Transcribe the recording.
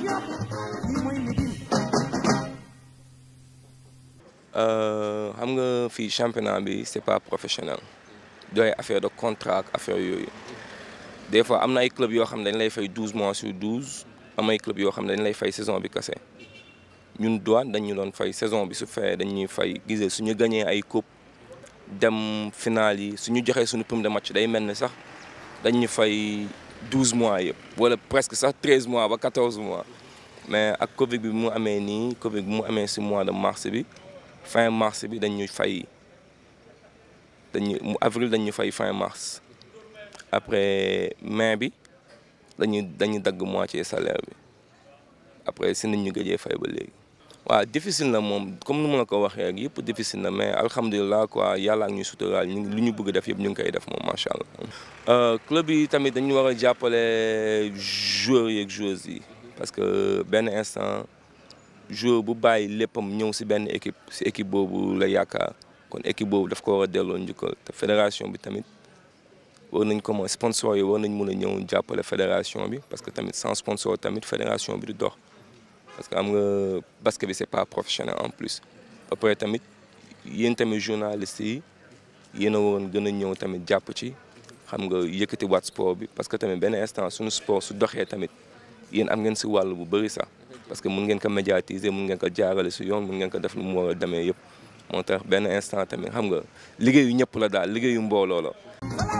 yàpp euh, yàpp xam nga fii championnat bi c'est pas professionnel dooy affaire de contrat ak affaire yooyu des fois am na ay club yoo xam ne dañ lay fay douze mois sur douze am ay club yoo xam ne dañ lay fay saison bi kese ñun Douane dañu doon fay saison bi su feyee dañuy fay gisee suñu gañee ay coupe dem finale yi suñu joxee suñu prime de match day mel ni sax dañu fay douze mois yëpp wala presque sax treize mois ba quatorze mois mais ak Covid bi mu amee nii Covid bi mu amee si mois de mars bi fin mars bi dañu fay dañu mu avril dañu fay fin mars après mais bi dañu dañu dagg moitié salaire bi après si nañ ñu gëjee fay ba léegi waaw difficile na moom comme nu ma la ko waxee rek yëpp difficile na mais alhamdulilah quoi yàlla ak ñu suturaal ñu lu ñu bugg def yëpp ñu ngi koy def moom macha allah. Euh, club yi tamit dañu war a jàppale joueurs yi ak joueuses yi parce que benn instant joueur bu bàyyi léppam ñëw si benn équipe si équipe boobu la yaakaar kon équipe boobu daf ko war a delloo njukkal fédération bi tamit war nañ ko mooy sponsor yi war nañ mun a ñëw jàppale fédération bi parce que tamit sans sponsor tamit fédération bi du dox. parce que am nga basket bi c'est pas professionnel en plus ba tamit yéen tamit journaliste yi yéen a gën a ñëw tamit jàpp ci xam nga yëkkati waat sport bi parce que tamit benn instant suñu sport su doxee tamit yéen am ngeen si wàll bu bëri sax parce que mun ngeen ko médiatiser mun ngeen ko jaarale si yoon mun ngeen ko def lu mu war a demee yëpp moo tax benn instant tamit xam nga liggéeyu ñëpp la daal liggéeyu mbooloo la